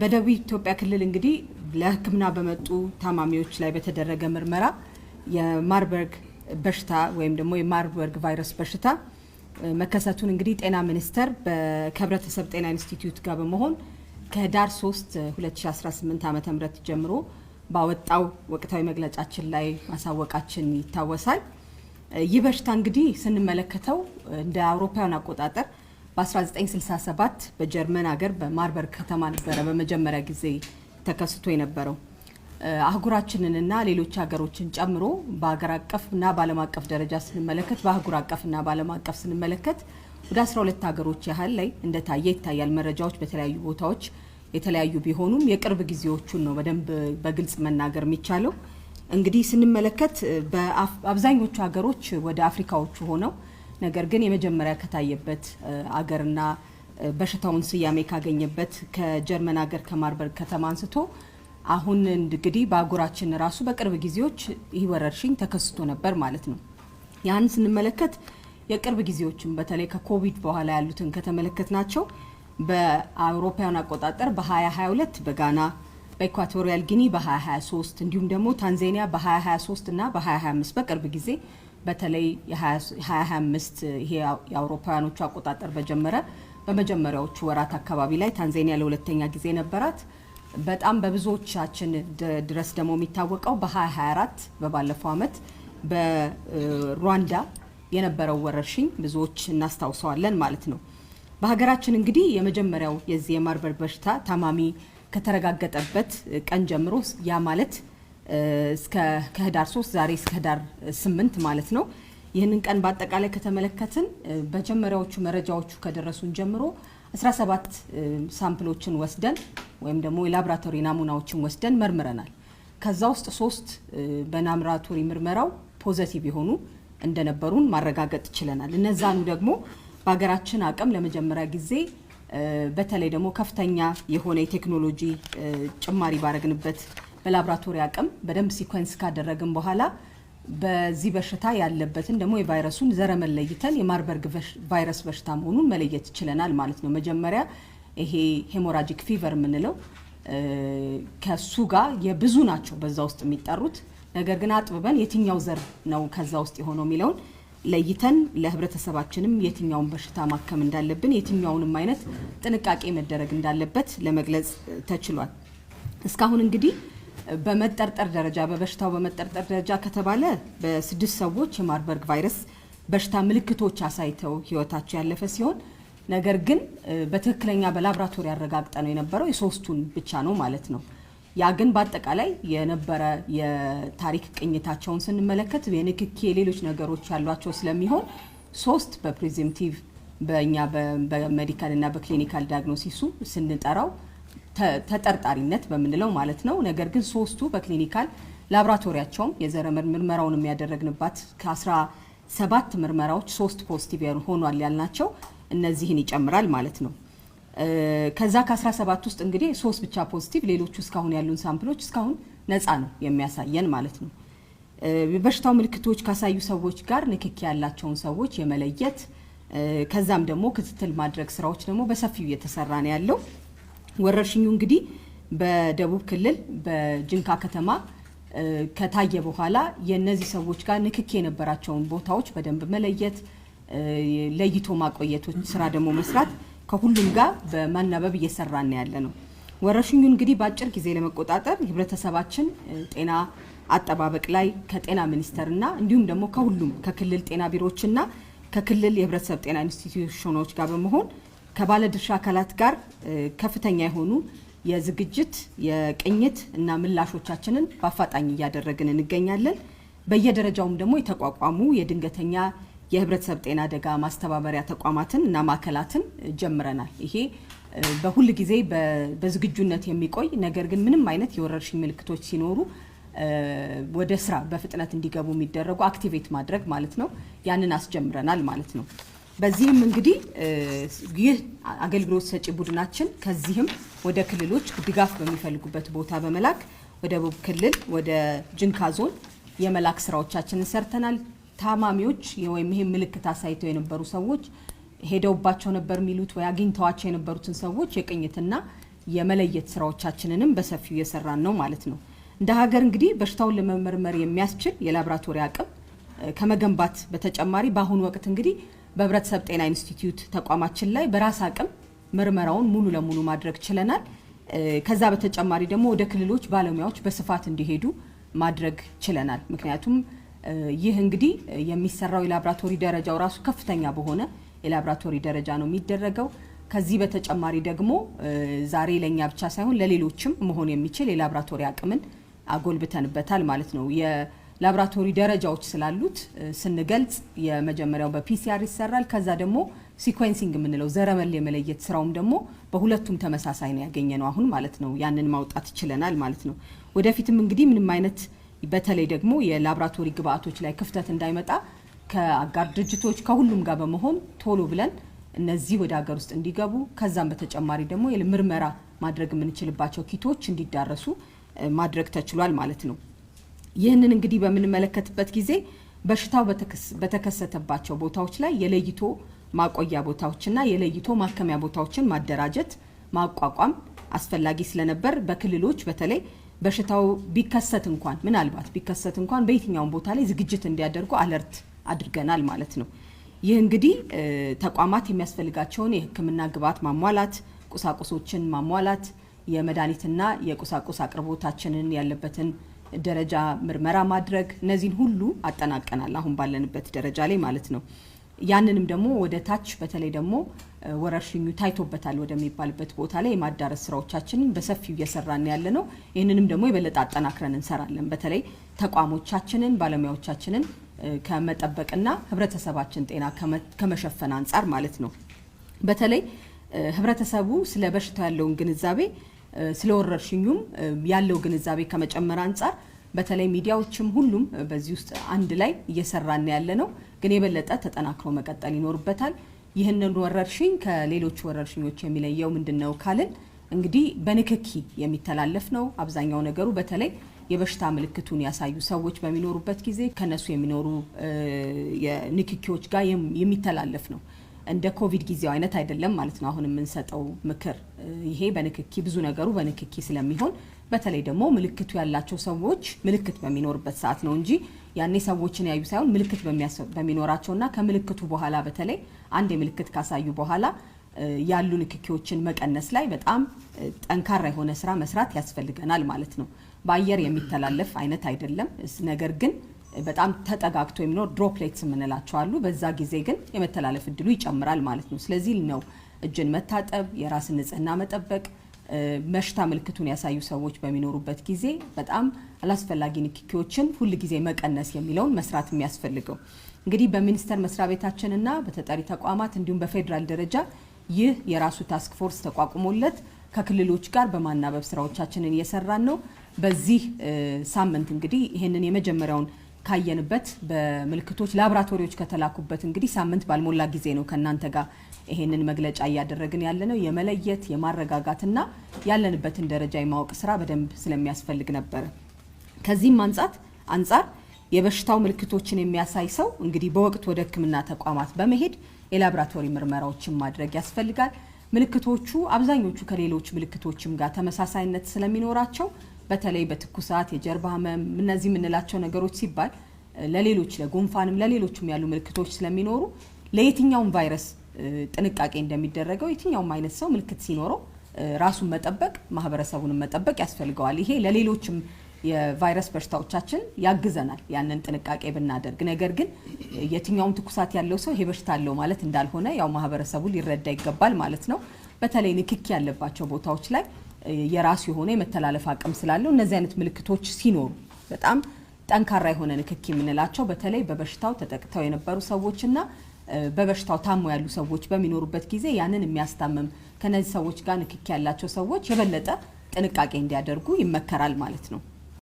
በደቡብ ኢትዮጵያ ክልል እንግዲህ ለሕክምና በመጡ ታማሚዎች ላይ በተደረገ ምርመራ የማርበርግ በሽታ ወይም ደግሞ የማርበርግ ቫይረስ በሽታ መከሰቱን እንግዲህ ጤና ሚኒስቴር ከህብረተሰብ ጤና ኢንስቲትዩት ጋር በመሆን ከህዳር 3 2018 ዓ ም ጀምሮ ባወጣው ወቅታዊ መግለጫችን ላይ ማሳወቃችን ይታወሳል። ይህ በሽታ እንግዲህ ስንመለከተው እንደ አውሮፓውያን አቆጣጠር በ1967 በጀርመን ሀገር በማርበር ከተማ ነበረ በመጀመሪያ ጊዜ ተከስቶ የነበረው። አህጉራችንንና ሌሎች ሀገሮችን ጨምሮ በሀገር አቀፍና በዓለም አቀፍ ደረጃ ስንመለከት በአህጉር አቀፍና በዓለም አቀፍ ስንመለከት ወደ 12 ሀገሮች ያህል ላይ እንደታየ ይታያል። መረጃዎች በተለያዩ ቦታዎች የተለያዩ ቢሆኑም የቅርብ ጊዜዎቹን ነው በደንብ በግልጽ መናገር የሚቻለው። እንግዲህ ስንመለከት በአብዛኞቹ ሀገሮች ወደ አፍሪካዎቹ ሆነው ነገር ግን የመጀመሪያ ከታየበት አገርና በሽታውን ስያሜ ካገኘበት ከጀርመን ሀገር ከማርበርግ ከተማ አንስቶ አሁን እንግዲህ በአህጉራችን ራሱ በቅርብ ጊዜዎች ይህ ወረርሽኝ ተከስቶ ነበር ማለት ነው። ያን ስንመለከት የቅርብ ጊዜዎችን በተለይ ከኮቪድ በኋላ ያሉትን ከተመለከት ናቸው በአውሮፓውያን አቆጣጠር በ2022 በጋና በኢኳቶሪያል ጊኒ በ2023 እንዲሁም ደግሞ ታንዛኒያ በ2023 እና በ2025 በቅርብ ጊዜ በተለይ የ2025 ይሄ የአውሮፓውያኖቹ አቆጣጠር በጀመረ በመጀመሪያዎቹ ወራት አካባቢ ላይ ታንዛኒያ ለሁለተኛ ጊዜ ነበራት። በጣም በብዙዎቻችን ድረስ ደግሞ የሚታወቀው በ2024 በባለፈው ዓመት በሩዋንዳ የነበረው ወረርሽኝ ብዙዎች እናስታውሰዋለን ማለት ነው። በሀገራችን እንግዲህ የመጀመሪያው የዚህ የማርበርግ በሽታ ታማሚ ከተረጋገጠበት ቀን ጀምሮ ያ ማለት እስከ ከህዳር 3 ዛሬ እስከ ህዳር 8 ማለት ነው። ይህንን ቀን በአጠቃላይ ከተመለከትን በጀመሪያዎቹ መረጃዎቹ ከደረሱን ጀምሮ 17 ሳምፕሎችን ወስደን ወይም ደግሞ የላብራቶሪ ናሙናዎችን ወስደን መርምረናል። ከዛ ውስጥ ሶስት በላቦራቶሪ ምርመራው ፖዘቲቭ የሆኑ እንደነበሩን ማረጋገጥ ችለናል። እነዛኑ ደግሞ በሀገራችን አቅም ለመጀመሪያ ጊዜ በተለይ ደግሞ ከፍተኛ የሆነ የቴክኖሎጂ ጭማሪ ባረግንበት በላብራቶሪ አቅም በደንብ ሲኮንስ ካደረግን በኋላ በዚህ በሽታ ያለበትን ደግሞ የቫይረሱን ዘረመን ለይተን የማርበርግ ቫይረስ በሽታ መሆኑን መለየት ይችለናል ማለት ነው። መጀመሪያ ይሄ ሄሞራጂክ ፊቨር የምንለው ከሱ ጋር የብዙ ናቸው በዛ ውስጥ የሚጠሩት ነገር ግን አጥብበን የትኛው ዘር ነው ከዛ ውስጥ የሆነው የሚለውን ለይተን ለህብረተሰባችንም የትኛውን በሽታ ማከም እንዳለብን የትኛውንም አይነት ጥንቃቄ መደረግ እንዳለበት ለመግለጽ ተችሏል። እስካሁን እንግዲህ በመጠርጠር ደረጃ በበሽታው በመጠርጠር ደረጃ ከተባለ በስድስት ሰዎች የማርበርግ ቫይረስ በሽታ ምልክቶች አሳይተው ህይወታቸው ያለፈ ሲሆን ነገር ግን በትክክለኛ በላብራቶሪ ያረጋግጠ ነው የነበረው የሶስቱን ብቻ ነው ማለት ነው። ያ ግን በአጠቃላይ የነበረ የታሪክ ቅኝታቸውን ስንመለከት የንክኪ የሌሎች ነገሮች ያሏቸው ስለሚሆን ሶስት በፕሪዚምቲቭ በእኛ በሜዲካል እና በክሊኒካል ዳግኖሲሱ ስንጠራው ተጠርጣሪነት በምንለው ማለት ነው። ነገር ግን ሶስቱ በክሊኒካል ላብራቶሪያቸውም የዘረመል ምርመራውን የሚያደረግንባት ከ17 ምርመራዎች ሶስት ፖዚቲቭ ሆኗል ያልናቸው እነዚህን ይጨምራል ማለት ነው። ከዛ ከ17 ውስጥ እንግዲህ ሶስት ብቻ ፖዚቲቭ፣ ሌሎቹ እስካሁን ያሉን ሳምፕሎች እስካሁን ነፃ ነው የሚያሳየን ማለት ነው። በሽታው ምልክቶች ካሳዩ ሰዎች ጋር ንክኪ ያላቸውን ሰዎች የመለየት ከዛም ደግሞ ክትትል ማድረግ ስራዎች ደግሞ በሰፊው እየተሰራ ነው ያለው። ወረርሽኙ እንግዲህ በደቡብ ክልል በጅንካ ከተማ ከታየ በኋላ የእነዚህ ሰዎች ጋር ንክክ የነበራቸውን ቦታዎች በደንብ መለየት፣ ለይቶ ማቆየቶች ስራ ደግሞ መስራት ከሁሉም ጋር በማናበብ እየሰራን ያለ ነው። ወረርሽኙ እንግዲህ በአጭር ጊዜ ለመቆጣጠር ህብረተሰባችን ጤና አጠባበቅ ላይ ከጤና ሚኒስቴርና እንዲሁም ደግሞ ከሁሉም ከክልል ጤና ቢሮዎችና ከክልል የህብረተሰብ ጤና ኢንስቲትዩሽኖች ጋር በመሆን ከባለድርሻ አካላት ጋር ከፍተኛ የሆኑ የዝግጅት የቅኝት እና ምላሾቻችንን በአፋጣኝ እያደረግን እንገኛለን። በየደረጃውም ደግሞ የተቋቋሙ የድንገተኛ የህብረተሰብ ጤና አደጋ ማስተባበሪያ ተቋማትን እና ማዕከላትን ጀምረናል። ይሄ በሁል ጊዜ በዝግጁነት የሚቆይ ነገር ግን ምንም አይነት የወረርሽኝ ምልክቶች ሲኖሩ ወደ ስራ በፍጥነት እንዲገቡ የሚደረጉ አክቲቬት ማድረግ ማለት ነው። ያንን አስጀምረናል ማለት ነው። በዚህም እንግዲህ ይህ አገልግሎት ሰጪ ቡድናችን ከዚህም ወደ ክልሎች ድጋፍ በሚፈልጉበት ቦታ በመላክ ወደ ደቡብ ክልል ወደ ጅንካ ዞን የመላክ ስራዎቻችንን ሰርተናል። ታማሚዎች ወይም ይሄ ምልክት አሳይተው የነበሩ ሰዎች ሄደውባቸው ነበር የሚሉት ወይ አግኝተዋቸው የነበሩትን ሰዎች የቅኝትና የመለየት ስራዎቻችንንም በሰፊው እየሰራን ነው ማለት ነው። እንደ ሀገር እንግዲህ በሽታውን ለመመርመር የሚያስችል የላብራቶሪ አቅም ከመገንባት በተጨማሪ በአሁኑ ወቅት እንግዲህ በህብረተሰብ ጤና ኢንስቲትዩት ተቋማችን ላይ በራስ አቅም ምርመራውን ሙሉ ለሙሉ ማድረግ ችለናል። ከዛ በተጨማሪ ደግሞ ወደ ክልሎች ባለሙያዎች በስፋት እንዲሄዱ ማድረግ ችለናል። ምክንያቱም ይህ እንግዲህ የሚሰራው የላብራቶሪ ደረጃው ራሱ ከፍተኛ በሆነ የላብራቶሪ ደረጃ ነው የሚደረገው። ከዚህ በተጨማሪ ደግሞ ዛሬ ለእኛ ብቻ ሳይሆን ለሌሎችም መሆን የሚችል የላብራቶሪ አቅምን አጎልብተንበታል ማለት ነው። ላብራቶሪ ደረጃዎች ስላሉት ስንገልጽ የመጀመሪያው በፒሲአር ይሰራል። ከዛ ደግሞ ሲኮንሲንግ የምንለው ዘረመል የመለየት ስራውም ደግሞ በሁለቱም ተመሳሳይ ነው ያገኘ ነው አሁን ማለት ነው። ያንን ማውጣት ይችለናል ማለት ነው። ወደፊትም እንግዲህ ምንም አይነት በተለይ ደግሞ የላብራቶሪ ግብአቶች ላይ ክፍተት እንዳይመጣ ከአጋር ድርጅቶች ከሁሉም ጋር በመሆን ቶሎ ብለን እነዚህ ወደ ሀገር ውስጥ እንዲገቡ ከዛም በተጨማሪ ደግሞ ምርመራ ማድረግ የምንችልባቸው ኪቶች እንዲዳረሱ ማድረግ ተችሏል ማለት ነው። ይህንን እንግዲህ በምንመለከትበት ጊዜ በሽታው በተከሰተባቸው ቦታዎች ላይ የለይቶ ማቆያ ቦታዎችና የለይቶ ማከሚያ ቦታዎችን ማደራጀት ማቋቋም አስፈላጊ ስለነበር በክልሎች በተለይ በሽታው ቢከሰት እንኳን ምናልባት ቢከሰት እንኳን በየትኛውም ቦታ ላይ ዝግጅት እንዲያደርጉ አለርት አድርገናል ማለት ነው። ይህ እንግዲህ ተቋማት የሚያስፈልጋቸውን የሕክምና ግብዓት ማሟላት፣ ቁሳቁሶችን ማሟላት፣ የመድኃኒትና የቁሳቁስ አቅርቦታችንን ያለበትን ደረጃ ምርመራ ማድረግ እነዚህን ሁሉ አጠናቀናል። አሁን ባለንበት ደረጃ ላይ ማለት ነው። ያንንም ደግሞ ወደ ታች በተለይ ደግሞ ወረርሽኙ ታይቶበታል ወደሚባልበት ቦታ ላይ የማዳረስ ስራዎቻችንን በሰፊው እየሰራን ያለ ነው። ይህንንም ደግሞ የበለጠ አጠናክረን እንሰራለን። በተለይ ተቋሞቻችንን ባለሙያዎቻችንን ከመጠበቅና ህብረተሰባችን ጤና ከመሸፈን አንጻር ማለት ነው። በተለይ ህብረተሰቡ ስለ በሽታው ያለውን ግንዛቤ ስለ ወረርሽኙም ያለው ግንዛቤ ከመጨመር አንጻር በተለይ ሚዲያዎችም ሁሉም በዚህ ውስጥ አንድ ላይ እየሰራን ያለ ነው፣ ግን የበለጠ ተጠናክሮ መቀጠል ይኖርበታል። ይህንን ወረርሽኝ ከሌሎች ወረርሽኞች የሚለየው ምንድን ነው ካልን እንግዲህ በንክኪ የሚተላለፍ ነው። አብዛኛው ነገሩ በተለይ የበሽታ ምልክቱን ያሳዩ ሰዎች በሚኖሩበት ጊዜ ከነሱ የሚኖሩ ንክኪዎች ጋር የሚተላለፍ ነው። እንደ ኮቪድ ጊዜው አይነት አይደለም ማለት ነው። አሁን የምንሰጠው ምክር ይሄ በንክኪ ብዙ ነገሩ በንክኪ ስለሚሆን በተለይ ደግሞ ምልክቱ ያላቸው ሰዎች ምልክት በሚኖርበት ሰዓት ነው እንጂ ያኔ ሰዎችን ያዩ ሳይሆን ምልክት በሚኖራቸው እና ከምልክቱ በኋላ በተለይ አንድ የምልክት ካሳዩ በኋላ ያሉ ንክኪዎችን መቀነስ ላይ በጣም ጠንካራ የሆነ ስራ መስራት ያስፈልገናል ማለት ነው። በአየር የሚተላለፍ አይነት አይደለም ነገር ግን በጣም ተጠጋግቶ የሚኖር ድሮፕሌትስ የምንላቸው አሉ። በዛ ጊዜ ግን የመተላለፍ እድሉ ይጨምራል ማለት ነው። ስለዚህ ነው እጅን መታጠብ፣ የራስን ንጽህና መጠበቅ መሽታ ምልክቱን ያሳዩ ሰዎች በሚኖሩበት ጊዜ በጣም አላስፈላጊ ንክኪዎችን ሁል ጊዜ መቀነስ የሚለውን መስራት የሚያስፈልገው። እንግዲህ በሚኒስቴር መስሪያ ቤታችንና በተጠሪ ተቋማት እንዲሁም በፌዴራል ደረጃ ይህ የራሱ ታስክ ፎርስ ተቋቁሞለት ከክልሎች ጋር በማናበብ ስራዎቻችንን እየሰራን ነው። በዚህ ሳምንት እንግዲህ ይህንን የመጀመሪያውን ካየንበት በምልክቶች ላብራቶሪዎች ከተላኩበት እንግዲህ ሳምንት ባልሞላ ጊዜ ነው ከእናንተ ጋር ይሄንን መግለጫ እያደረግን ያለ ነው። የመለየት የማረጋጋትና ያለንበትን ደረጃ የማወቅ ስራ በደንብ ስለሚያስፈልግ ነበር ከዚህም አንጻት አንጻር የበሽታው ምልክቶችን የሚያሳይ ሰው እንግዲህ በወቅት ወደ ሕክምና ተቋማት በመሄድ የላብራቶሪ ምርመራዎችን ማድረግ ያስፈልጋል። ምልክቶቹ አብዛኞቹ ከሌሎች ምልክቶችም ጋር ተመሳሳይነት ስለሚኖራቸው በተለይ በትኩሳት የጀርባ ህመም እነዚህ የምንላቸው ነገሮች ሲባል ለሌሎች ለጉንፋንም ለሌሎችም ያሉ ምልክቶች ስለሚኖሩ ለየትኛውም ቫይረስ ጥንቃቄ እንደሚደረገው የትኛውም አይነት ሰው ምልክት ሲኖረው ራሱን መጠበቅ ማህበረሰቡንም መጠበቅ ያስፈልገዋል። ይሄ ለሌሎችም የቫይረስ በሽታዎቻችን ያግዘናል ያንን ጥንቃቄ ብናደርግ። ነገር ግን የትኛውም ትኩሳት ያለው ሰው ይሄ በሽታ አለው ማለት እንዳልሆነ ያው ማህበረሰቡ ሊረዳ ይገባል ማለት ነው። በተለይ ንክኪ ያለባቸው ቦታዎች ላይ የራሱ የሆነ የመተላለፍ አቅም ስላለው እነዚህ አይነት ምልክቶች ሲኖሩ በጣም ጠንካራ የሆነ ንክኪ የምንላቸው በተለይ በበሽታው ተጠቅተው የነበሩ ሰዎችና በበሽታው ታሞ ያሉ ሰዎች በሚኖሩበት ጊዜ ያንን የሚያስታምም ከነዚህ ሰዎች ጋር ንክኪ ያላቸው ሰዎች የበለጠ ጥንቃቄ እንዲያደርጉ ይመከራል ማለት ነው።